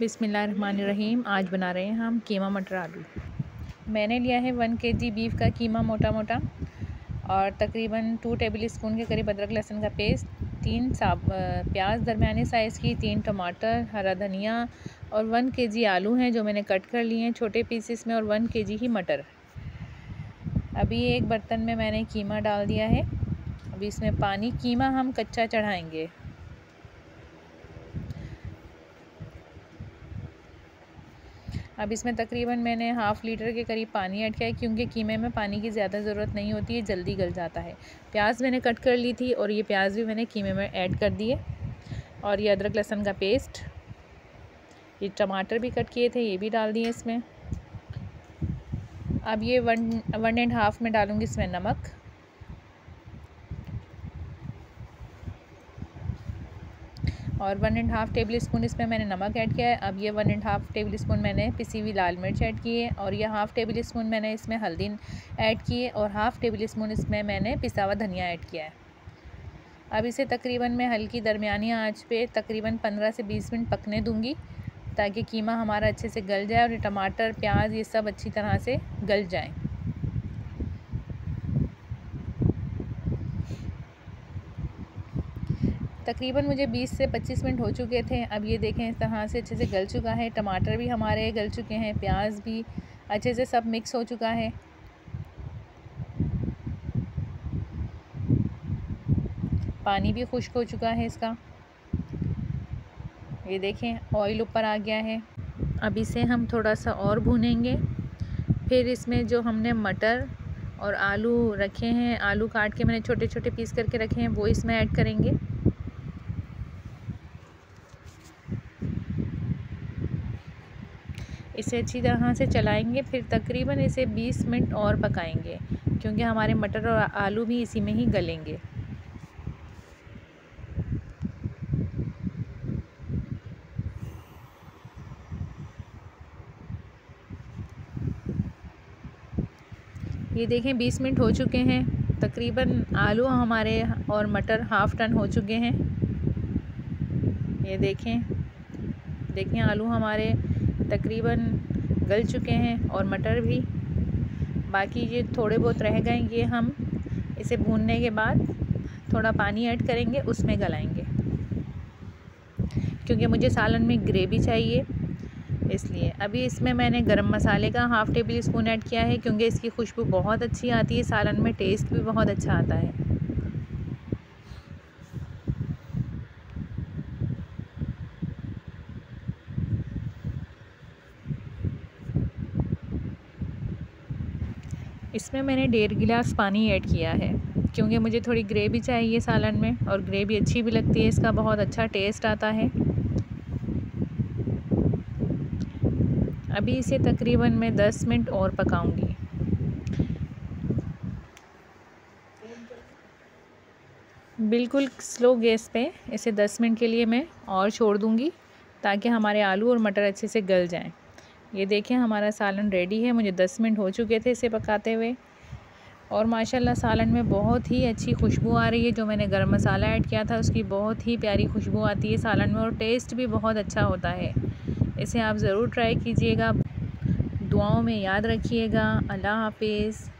रहीम आज बना रहे हैं हम कीमा मटर आलू मैंने लिया है वन के जी बीफ का कीमा मोटा मोटा और तकरीबन टू टेबल स्पून के करीब अदरक लहसुन का पेस्ट तीन साब प्याज दरमिया साइज़ की तीन टमाटर हरा धनिया और वन के जी आलू हैं जो मैंने कट कर लिए हैं छोटे पीसेस में और वन के जी ही मटर अभी एक बर्तन में मैंने कीमा डाल दिया है अभी इसमें पानी कीमा हम कच्चा चढ़ाएँगे अब इसमें तकरीबन मैंने हाफ़ लीटर के करीब पानी ऐड किया है क्योंकि कीमे में पानी की ज़्यादा ज़रूरत नहीं होती है जल्दी गल जाता है प्याज मैंने कट कर ली थी और ये प्याज भी मैंने कीमे में ऐड कर दिए और ये अदरक लहसुन का पेस्ट ये टमाटर भी कट किए थे ये भी डाल दिए इसमें अब ये वन वन एंड हाफ़ में डालूँगी इसमें नमक और one and half tablespoon इसमें मैंने नमक ऐड किया है अब ये one and half tablespoon मैंने पिसी हुई लाल मिर्च ऐड की है और ये हाफ़ टेबल स्पून मैंने इसमें हल्दी ऐड की है और हाफ़ टेबल स्पून इसमें मैंने पिसा हुआ धनिया ऐड किया है अब इसे तकरीबन मैं हल्की दरमियानी आँच पर तकरीबन पंद्रह से बीस मिनट पकने दूँगी ताकि कीमा हमारा अच्छे से गल जाए और टमाटर प्याज ये सब अच्छी तरह से गल जाएँ तकरीबन मुझे 20 से 25 मिनट हो चुके थे अब ये देखें इस तरह से अच्छे से गल चुका है टमाटर भी हमारे गल चुके हैं प्याज भी अच्छे से सब मिक्स हो चुका है पानी भी खुश्क हो चुका है इसका ये देखें ऑयल ऊपर आ गया है अब इसे हम थोड़ा सा और भूनेंगे फिर इसमें जो हमने मटर और आलू रखे हैं आलू काट के मैंने छोटे छोटे पीस करके रखे हैं वो इसमें ऐड करेंगे इसे अच्छी तरह से चलाएंगे फिर तकरीबन इसे 20 मिनट और पकाएंगे क्योंकि हमारे मटर और आलू भी इसी में ही गलेंगे ये देखें 20 मिनट हो चुके हैं तकरीबन आलू हमारे और मटर हाफ़ टन हो चुके हैं ये देखें देखें आलू हमारे तकरीबन गल चुके हैं और मटर भी बाकी ये थोड़े बहुत रह गए ये हम इसे भूनने के बाद थोड़ा पानी ऐड करेंगे उसमें गलाएंगे क्योंकि मुझे सालन में ग्रेवी चाहिए इसलिए अभी इसमें मैंने गरम मसाले का हाफ़ टेबल स्पून ऐड किया है क्योंकि इसकी खुशबू बहुत अच्छी आती है सालन में टेस्ट भी बहुत अच्छा आता है इसमें मैंने डेढ़ गिलास पानी ऐड किया है क्योंकि मुझे थोड़ी ग्रेवी चाहिए सालन में और ग्रेवी अच्छी भी लगती है इसका बहुत अच्छा टेस्ट आता है अभी इसे तकरीबन मैं 10 मिनट और पकाऊंगी बिल्कुल स्लो गैस पे इसे 10 मिनट के लिए मैं और छोड़ दूंगी ताकि हमारे आलू और मटर अच्छे से गल जाएं ये देखें हमारा सालन रेडी है मुझे दस मिनट हो चुके थे इसे पकाते हुए और माशाल्लाह सालन में बहुत ही अच्छी खुशबू आ रही है जो मैंने गर्म मसाला ऐड किया था उसकी बहुत ही प्यारी खुशबू आती है सालन में और टेस्ट भी बहुत अच्छा होता है इसे आप ज़रूर ट्राई कीजिएगा दुआओं में याद रखिएगा अल्लाह हाफिज़